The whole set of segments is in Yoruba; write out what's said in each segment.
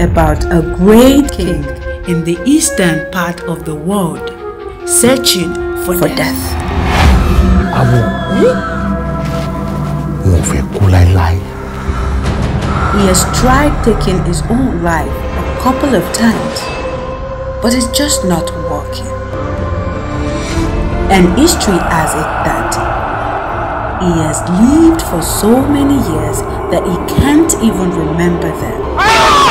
about a great king in the eastern part of the world searching for, for death. death. He has tried taking his own life a couple of times, but it's just not working. And history has it that he has lived for so many years that he can't even remember them. Ah!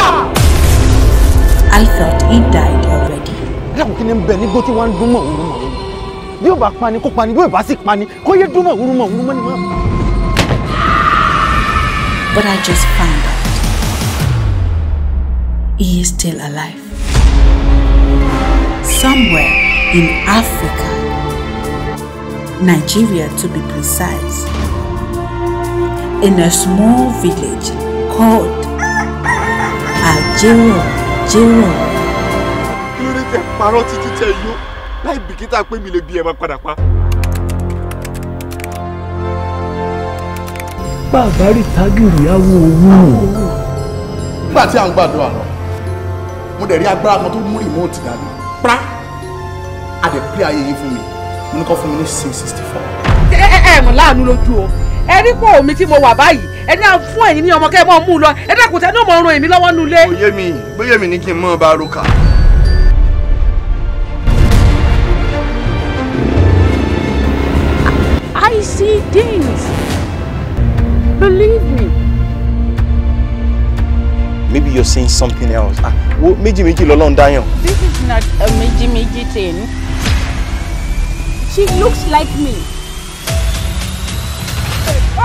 I thought he died already. Ẹ̀dàkùn kí ni ń bẹ nígbó tí wọ́n ń dún mọ̀ òun mọ̀ òun. Bí ò bá pani kó pani bí But I just found out he is still alive. Somewhere in Africa, Nigeria to be precise, in a small village called Ajero. jẹ́ ràn. kí ló dé tẹ parọ́ títí tẹ yó láì bìkítà pé mi lè bí ẹ máa padà pa. bàbá rí tágìrì àwọ owó rò. nígbà tí à ń gbàdúrà lọ mo dẹ̀ rí agbára kan tó mú rìmọ́ọ̀tì dání pra a dẹ̀ pé ayé fún mi mo ní kó fún mi ní six sixty four. ẹ ẹ ẹ mọ̀ láàánú lójú o ẹ rí pọ̀ omi tí mo wà báyìí ẹ ní fún ẹ̀yìn ní ọmọ kẹ́ ẹ mú un lọ ẹ dákun tẹ́ ní ọmọ ọrùn èmi lọ́wọ́ nulẹ̀. bóyá mi bóyá mi ní kí n mọ bá roka. I see things. Believe me. Maybe you're seeing something else. Ah, wo méjì méjì lọ́lọ́run dáyàn. This is not a méjì méjì thing. She looks like me.